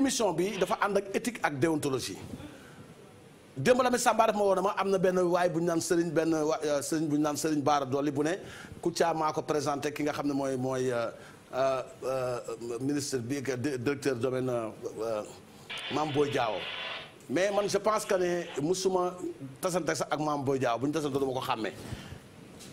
émission bi dafa ànd ak étique ak déontologie démb la mi Samba daf ma woon ma am na benn waaye bu ñu naan Serigne benn waa euh, Serigne bu ñu naan Serigne Baara Dolli bu ne Kouthia maa ko présenté ki nga xam ne mooy mooy euh, euh, ministre bi directeur domaine Mame Boye Diao mais man je pense que ne musuma tasante sax ak Mame Boye Diao bu ñu tasante ma ko xàmmee.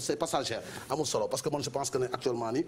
c'est passagère amul solo parce que man je pense que ne actuellement nii